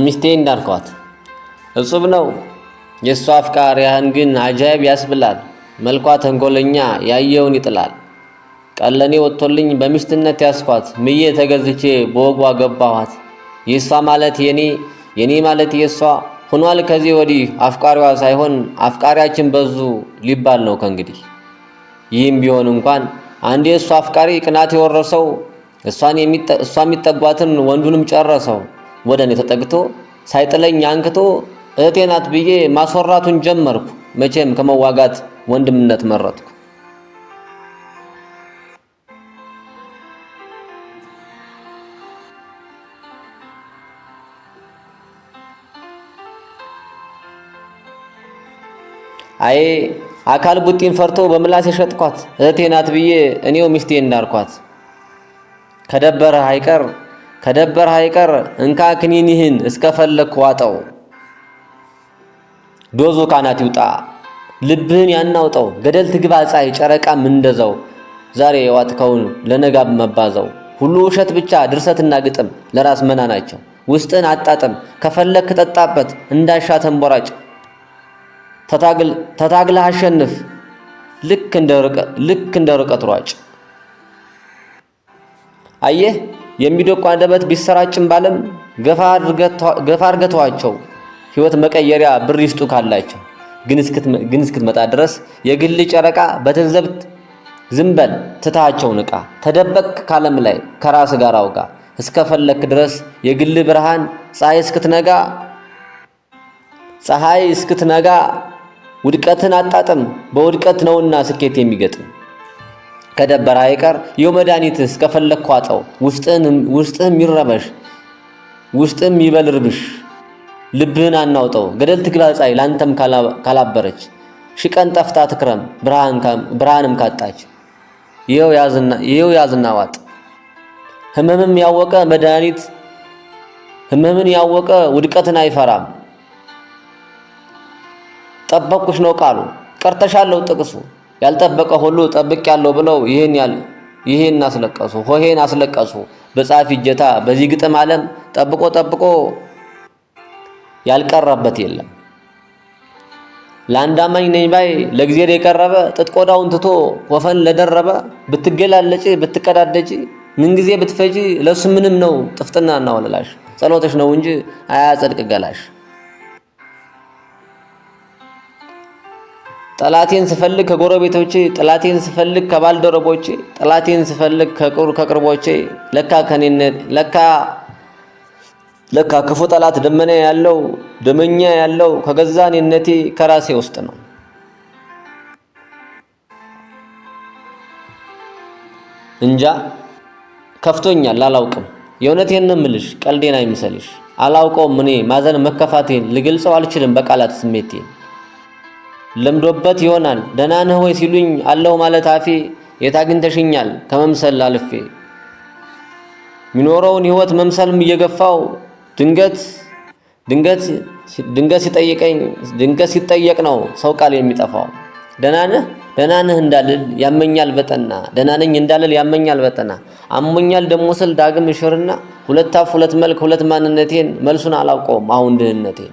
ሚስቴ እንዳልኳት እጹብ ነው። የእሷ አፍቃሪ ያህን ግን አጃይብ ያስብላል። መልኳ ተንኮለኛ ያየውን ይጥላል። ቀለኔ ወጥቶልኝ በሚስትነት ያስኳት ምዬ ተገዝቼ በወጓ ገባኋት። የእሷ ማለት የኔ የኔ ማለት የእሷ ሆኗል። ከዚህ ወዲህ አፍቃሪዋ ሳይሆን አፍቃሪያችን በዙ ሊባል ነው ከእንግዲህ። ይህም ቢሆን እንኳን አንዴ የእሷ አፍቃሪ ቅናት የወረሰው እሷን የሚጠጓትን ወንዱንም ጨረሰው። ወደ እኔ ተጠግቶ ሳይጥለኝ አንክቶ እህቴ ናት ብዬ ማስወራቱን ጀመርኩ። መቼም ከመዋጋት ወንድምነት መረጥኩ። አይ አካል ቡጢን ፈርቶ በምላስ የሸጥኳት እህቴ ናት ብዬ እኔው ሚስቴ እንዳርኳት! ከደበረ አይቀር ከደበር ሃይቀር እንካ ክኒንህን እስከፈለክ ዋጠው። ዶዞ ካናት ይውጣ ልብህን ያናውጠው። ገደል ትግባ ፀሐይ ጨረቃም እንደዛው። ዛሬ የዋጥከውን ለነጋብ መባዘው። ሁሉ ውሸት ብቻ ድርሰትና ግጥም ለራስ መና ናቸው። ውስጥን አጣጥም ከፈለክ ጠጣበት እንዳሻ ተንቦራጭ። ተታግለህ አሸንፍ ልክ እንደ ርቀት ሯጭ። አየህ የሚደቁ አንደበት ቢሰራጭም ባለም ገፋ አድርገተዋቸው ህይወት መቀየሪያ ብር ይስጡ ካላቸው ግን እስክትመጣ ድረስ የግል ጨረቃ በትንዘብት ዝምበል ትታቸው ንቃ። ተደበቅ ካለም ላይ ከራስ ጋር አውጋ። እስከፈለክ ድረስ የግል ብርሃን ፀሐይ እስክትነጋ ፀሐይ እስክትነጋ ውድቀትን አጣጥም። በውድቀት ነውና ስኬት የሚገጥም ከደበረ አይቀር የው መድኃኒትስ ከፈለግኩ አጠው ውስጥህም ይረበሽ ውስጥም ይበልርብሽ ልብህን አናውጠው ገደል ትግባ ፀሐይ ላንተም ካላበረች ሽቀን ጠፍታ ትክረም ብርሃንም ካጣች ይኸው ያዝና ዋጥ ህመምም ያወቀ መድኃኒት ህመምን ያወቀ ውድቀትን አይፈራም። ጠበቅኩሽ ነው ቃሉ ቀርተሻለው ጥቅሱ ያልጠበቀ ሁሉ ጠብቅ ያለው ብለው ይህን ያል ይህን አስለቀሱ ሆሄን አስለቀሱ። በጻፊ እጀታ በዚህ ግጥም ዓለም ጠብቆ ጠብቆ ያልቀረበት የለም። ለአንድ አማኝ ነኝ ባይ ለእግዚአብሔር የቀረበ ጥጥ ቆዳውን ትቶ ወፈን ለደረበ ብትገላለጪ ምን ምንጊዜ ብትፈጪ ለሱ ምንም ነው ጥፍጥና እና ጸሎተሽ ነው እንጂ አያጸድቅ ገላሽ። ጠላቴን ስፈልግ ከጎረቤቶቼ፣ ጠላቴን ስፈልግ ከባልደረቦቼ፣ ጠላቴን ስፈልግ ከቅርቦቼ ለካ ከኔነት ለካ ለካ ክፉ ጠላት ደመና ያለው ደመኛ ያለው ከገዛ እኔነቴ ከራሴ ውስጥ ነው። እንጃ ከፍቶኛል፣ አላውቅም። የእውነቴን ነው የምልሽ፣ ቀልዴን አይምሰልሽ። አላውቀውም እኔ ማዘን መከፋቴን ልገልጸው አልችልም በቃላት ስሜቴን ለምዶበት ይሆናል። ደህና ነህ ወይ ሲሉኝ አለሁ ማለት አፌ የት አግኝተሽኛል ከመምሰል አልፌ የሚኖረውን ህይወት መምሰልም እየገፋው ድንገት ድንገት ድንገት ሲጠይቀኝ ድንገት ሲጠየቅ ነው ሰው ቃል የሚጠፋው። ደህና ነህ ደህና ነህ እንዳልል ያመኛል በጠና ደህና ነኝ እንዳልል ያመኛል በጠና አሞኛል ደሞ ስል ዳግም እሽርና ሁለት አፍ ሁለት መልክ ሁለት ማንነቴን መልሱን አላውቀውም አሁን ድህነቴን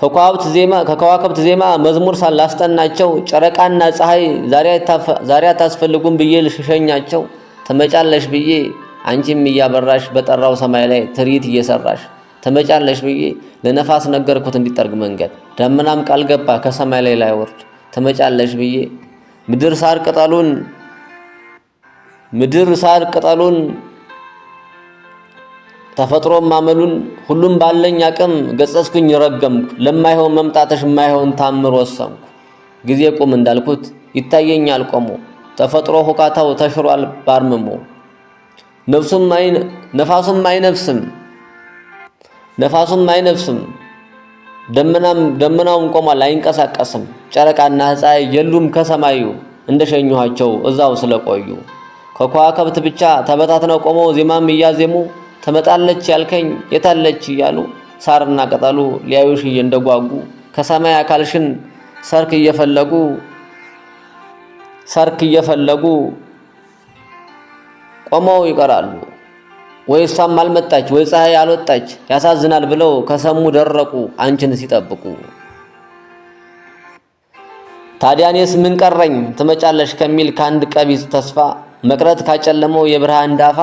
ከከዋክብት ዜማ መዝሙር ሳላስጠናቸው ጨረቃና ፀሐይ ዛሬ አታስፈልጉም ብዬ ልሸኛቸው ትመጫለሽ ብዬ አንቺም እያበራሽ በጠራው ሰማይ ላይ ትርኢት እየሰራሽ ትመጫለሽ ብዬ ለነፋስ ነገርኩት እንዲጠርግ መንገድ ደመናም ቃል ገባ ከሰማይ ላይ ላይወርድ ትመጫለሽ ብዬ ምድር ሳር ቅጠሉን ምድር ሳር ቅጠሉን ተፈጥሮም አመሉን ሁሉም ባለኝ አቅም ገጸስኩኝ፣ ረገምኩ። ለማይሆን መምጣትሽ የማይሆን ታምር ወሰንኩ። ጊዜ ቁም እንዳልኩት ይታየኛል ቆሞ፣ ተፈጥሮ ሁካታው ተሽሯል ባርምሞ። ነፋሱም አይነፍስም ነፋሱም አይነፍስም፣ ደመናውም ቆሟል አይንቀሳቀስም። ጨረቃና ፀሐይ የሉም ከሰማዩ እንደሸኘኋቸው እዛው ስለቆዩ ከከዋከብት ብቻ ተበታትነው ቆመው ዜማም እያዜሙ ትመጣለች ያልከኝ የታለች እያሉ ሳርና ቅጠሉ ሊያዩሽ እንደጓጉ ከሰማይ አካልሽን ሰርክ እየፈለጉ ሰርክ እየፈለጉ ቆመው ይቀራሉ። ወይ እሷም አልመጣች ወይ ፀሐይ አልወጣች ያሳዝናል ብለው ከሰሙ ደረቁ አንቺን ሲጠብቁ። ታዲያ እኔስ ምን ቀረኝ ትመጫለሽ ከሚል ከአንድ ቀቢጽ ተስፋ መቅረት ካጨለመው የብርሃን ዳፋ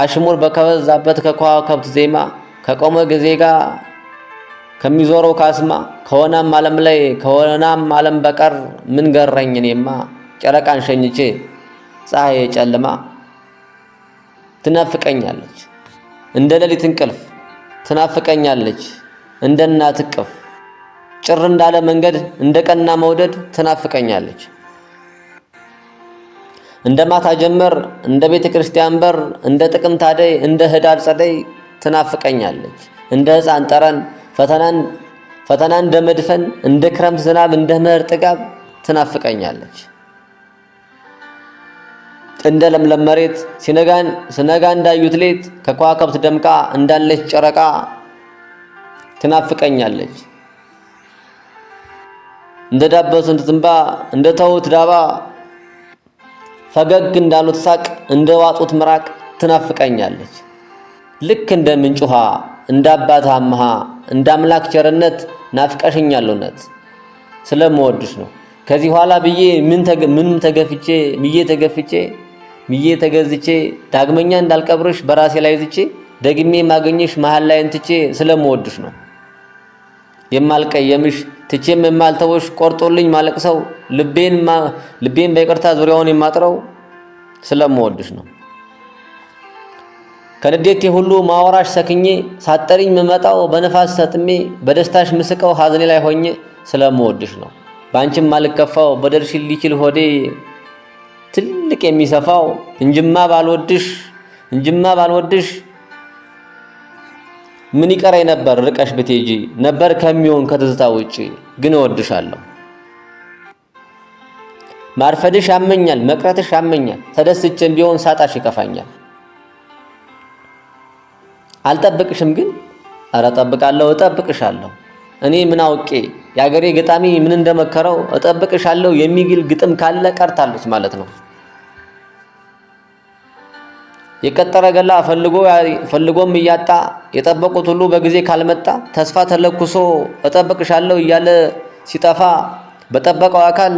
አሽሙር በከበዛበት ከከዋክብት ዜማ ከቆመ ጊዜ ጋር ከሚዞረው ካስማ ከሆናም ዓለም ላይ ከሆናም ዓለም በቀር ምን ገረኝ እኔማ ጨረቃን ሸኝቼ ፀሐይ ጨልማ ትናፍቀኛለች እንደ ሌሊት እንቅልፍ ትናፍቀኛለች እንደ እናት እቅፍ ጭር እንዳለ መንገድ እንደ ቀና መውደድ ትናፍቀኛለች። እንደ ማታ ጀመር፣ እንደ ቤተ ክርስቲያን በር፣ እንደ ጥቅምት አደይ፣ እንደ ህዳር ጸደይ ትናፍቀኛለች። እንደ ህፃን ጠረን፣ ፈተና እንደ መድፈን፣ እንደ ክረምት ዝናብ፣ እንደ ምህር ጥጋብ ትናፍቀኛለች። እንደ ለምለም መሬት ሲነጋ እንዳዩት ሌት ከከዋክብት ደምቃ እንዳለች ጨረቃ ትናፍቀኛለች። እንደ ዳበሱት ትንባ እንደ ተውት ዳባ ፈገግ እንዳሉት ሳቅ እንደ ዋጡት ምራቅ ትናፍቀኛለች። ልክ እንደ ምንጭ ውሃ እንደ አባት አምሃ እንደ አምላክ ቸርነት ናፍቀሽኛል እውነት ስለምወድሽ ነው። ከዚህ ኋላ ብዬ ምን ተገፍቼ ብዬ ተገፍቼ ብዬ ተገዝቼ ዳግመኛ እንዳልቀብርሽ በራሴ ላይ ዝቼ ደግሜ ማገኘሽ መሀል ላይ እንትቼ ስለምወድሽ ነው የማልቀየምሽ ትቼም የማልተውሽ ቆርጦልኝ ማለቅሰው ልቤን ልቤን በይቅርታ ዙሪያውን የማጥረው ስለምወድሽ ነው። ከንዴቴ ሁሉ ማወራሽ ሰክኜ ሳጠሪኝ ምመጣው በነፋስ ሰጥሜ በደስታሽ ምስቀው ሐዘኔ ላይ ሆኜ ስለምወድሽ ነው። በአንቺም ማልከፋው በደርሽ ሊችል ሆዴ ትልቅ የሚሰፋው እንጅማ ባልወድሽ እንጅማ ባልወድሽ ምን ይቀራይ ነበር ርቀሽ ብትሄጂ ነበር ከሚሆን ከትዝታ ውጪ ግን እወድሻለሁ። ማርፈድሽ ያመኛል፣ መቅረትሽ ያመኛል። ተደስቼም ቢሆን ሳጣሽ ይከፋኛል። አልጠብቅሽም ግን እረ እጠብቃለሁ፣ እጠብቅሻለሁ። እኔ ምን አውቄ የአገሬ ገጣሚ ምን እንደመከረው እጠብቅሻለሁ የሚግል ግጥም ካለ ቀርታለች ማለት ነው። የቀጠረ ገላ ፈልጎም እያጣ የጠበቁት ሁሉ በጊዜ ካልመጣ ተስፋ ተለኩሶ እጠብቅሻለሁ እያለ ሲጠፋ በጠበቀው አካል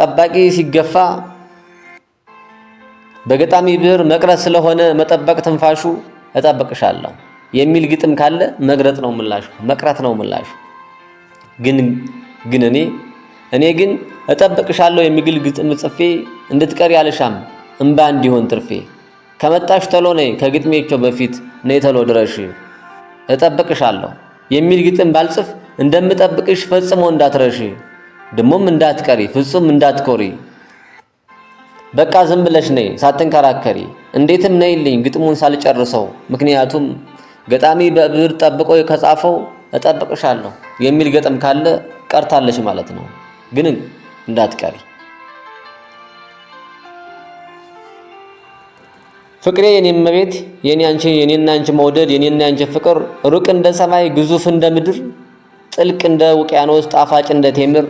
ጠባቂ ሲገፋ በገጣሚ ብዕር መቅረት ስለሆነ መጠበቅ ትንፋሹ እጠብቅሻለሁ የሚል ግጥም ካለ መግረጥ ነው ምላሽ፣ መቅረት ነው ምላሽ። ግን ግን እኔ እኔ ግን እጠብቅሻለሁ የሚግል ግጥም ጽፌ እንድትቀር ያልሻም እምባ እንዲሆን ትርፌ ከመጣሽ ተሎ ነይ፣ ከግጥሜቸው በፊት ነይ ተሎ ድረሽ፣ እጠብቅሻለሁ የሚል ግጥም ባልጽፍ እንደምጠብቅሽ ፈጽሞ እንዳትረሺ፣ ድሞም እንዳትቀሪ፣ ፍጹም እንዳትኮሪ። በቃ ዝም ብለሽ ነይ ሳትንከራከሪ፣ እንዴትም ነይልኝ ግጥሙን ሳልጨርሰው። ምክንያቱም ገጣሚ በብር ጠብቆ ከጻፈው እጠብቅሻለሁ የሚል ገጥም ካለ ቀርታለች ማለት ነው። ግን እንዳትቀሪ ፍቅሬ የኔ እመቤት የኔ አንቺ የኔና አንቺ መውደድ የኔና አንቺ ፍቅር ሩቅ እንደ ሰማይ ግዙፍ እንደ ምድር ጥልቅ እንደ ውቅያኖስ ጣፋጭ እንደ ቴምር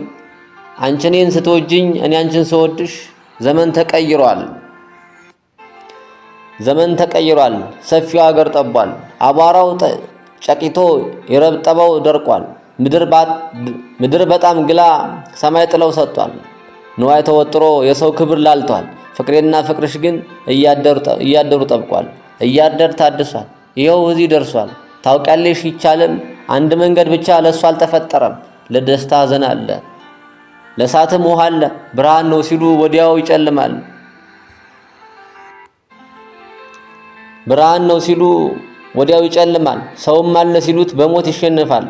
አንቺ እኔን ስትወጂኝ እኔ አንቺን ስወድሽ ዘመን ተቀይሯል ዘመን ተቀይሯል። ሰፊው ሀገር ጠቧል። አቧራው ጨቂቶ የረብጠበው ደርቋል። ምድር በጣም ግላ ሰማይ ጥለው ሰጥቷል። ንዋይ ተወጥሮ የሰው ክብር ላልቷል። ፍቅሬና ፍቅርሽ ግን እያደሩ ጠብቋል፣ እያደር ታድሷል። ይኸው እዚህ ደርሷል። ታውቂያለሽ ይቻልም አንድ መንገድ ብቻ ለእሱ አልተፈጠረም። ለደስታ ሐዘን አለ፣ ለእሳትም ውሃ አለ። ብርሃን ነው ሲሉ ወዲያው ይጨልማል። ብርሃን ነው ሲሉ ወዲያው ይጨልማል። ሰውም አለ ሲሉት በሞት ይሸንፋል።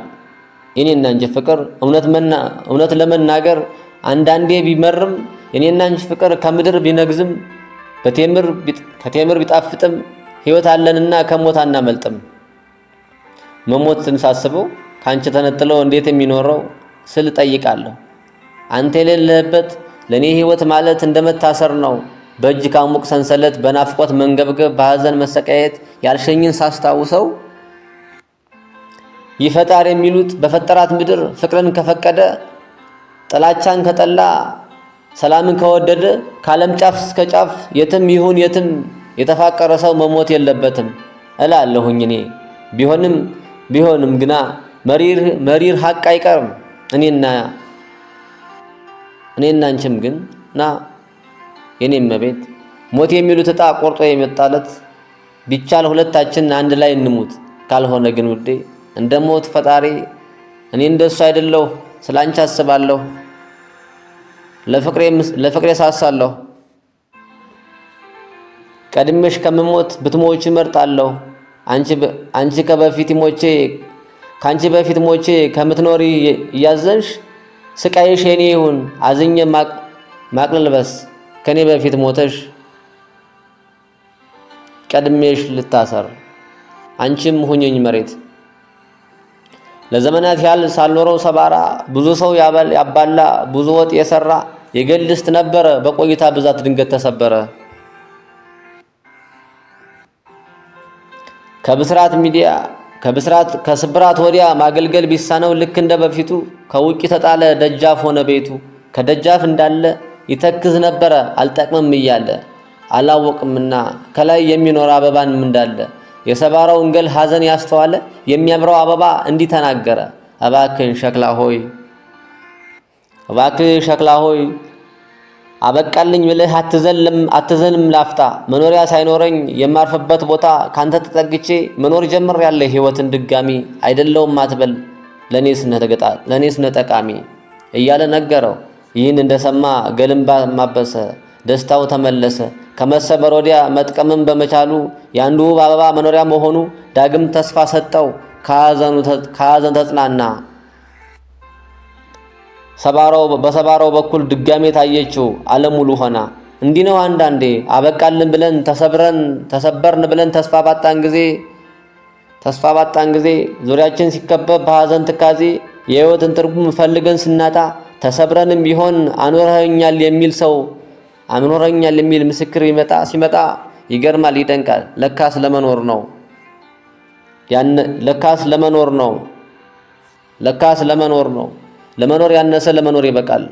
የኔና እንጂ ፍቅር እውነት ለመናገር አንዳንዴ ቢመርም የኔና አንቺ ፍቅር ከምድር ቢነግዝም ከቴምር ቢጣፍጥም ሕይወት አለንና ከሞት አናመልጥም። መሞት ሳስበው ከአንቺ ተነጥለው እንዴት የሚኖረው ስል ጠይቃለሁ። አንተ የሌለህበት ለእኔ ሕይወት ማለት እንደመታሰር ነው። በእጅ ካሙቅ ሰንሰለት፣ በናፍቆት መንገብገብ፣ በሐዘን መሰቃየት ያልሸኝን ሳስታውሰው ይፈጣር የሚሉት በፈጠራት ምድር ፍቅርን ከፈቀደ ጥላቻን ከጠላ ሰላምን ከወደደ ከዓለም ጫፍ እስከ ጫፍ የትም ይሁን የትም የተፋቀረ ሰው መሞት የለበትም እላለሁኝ እኔ። ቢሆንም ቢሆንም ግና መሪር መሪር ሀቅ አይቀርም። እኔና እኔና አንቺም ግን ና የኔም መቤት ሞት የሚሉት ዕጣ ቆርጦ የመጣለት ቢቻል ሁለታችን አንድ ላይ እንሙት። ካልሆነ ግን ውዴ እንደ ሞት ፈጣሪ እኔ እንደሱ አይደለሁ ስላንቺ አስባለሁ። ለፍቅሬ ሳሳለሁ። ቀድሜሽ ከምሞት ብትሞች እመርጣለሁ። አንቺ ከበፊት ሞቼ ከአንቺ በፊት ሞቼ ከምትኖሪ እያዘንሽ ስቃይሽ የኔ ይሁን አዝኜ ማቅለልበስ ከኔ በፊት ሞተሽ ቀድሜሽ ልታሰር አንቺም ሁኝኝ መሬት ለዘመናት ያህል ሳልኖረው ሰባራ ብዙ ሰው ያባላ ብዙ ወጥ የሰራ የገልስት ነበረ፣ በቆይታ ብዛት ድንገት ተሰበረ። ከብስራት ሚዲያ ከብስራት ከስብራት ወዲያ ማገልገል ቢሳነው ልክ እንደ በፊቱ ከውጭ ተጣለ ደጃፍ ሆነ ቤቱ። ከደጃፍ እንዳለ ይተክዝ ነበረ አልጠቅምም እያለ አላወቅምና ከላይ የሚኖር አበባንም እንዳለ የሰባራው ገል ሐዘን ያስተዋለ የሚያምረው አበባ እንዲህ ተናገረ፣ እባክን ሸክላ ሆይ እባክህ ሸክላ ሆይ አበቃልኝ ብለህ አትዘልም አትዘልም ላፍታ መኖሪያ ሳይኖረኝ የማርፍበት ቦታ ካንተ ተጠግቼ መኖር ጀምር ያለ ህይወትን ድጋሚ አይደለውም አትበል ለእኔስ ነጠቃሚ እያለ ነገረው። ይህን እንደሰማ ገልምባ ማበሰ ደስታው ተመለሰ። ከመሰበር ወዲያ መጥቀምን በመቻሉ የአንዱ ውብ አበባ መኖሪያ መሆኑ ዳግም ተስፋ ሰጠው። ከሐዘን ተጽናና። በሰባራው በኩል ድጋሜ ታየችው። አለሙሉ ሙሉ ሆና እንዲህ ነው። አንዳንዴ አበቃልን ብለን ተሰብረን ተሰበርን ብለን ተስፋ ባጣን ጊዜ ተስፋ ባጣን ጊዜ ዙሪያችን ሲከበብ በሐዘን ትካዜ የህይወትን ትርጉም ፈልገን ስናጣ ተሰብረንም ቢሆን አኖረኛል የሚል ሰው አኖረኛል የሚል ምስክር ይመጣ ሲመጣ ይገርማል፣ ይደንቃል። ለካስ ለመኖር ነው ያን ለካስ ለመኖር ነው ለካስ ለመኖር ነው። ለመኖር ያነሰ ለመኖር ይበቃል።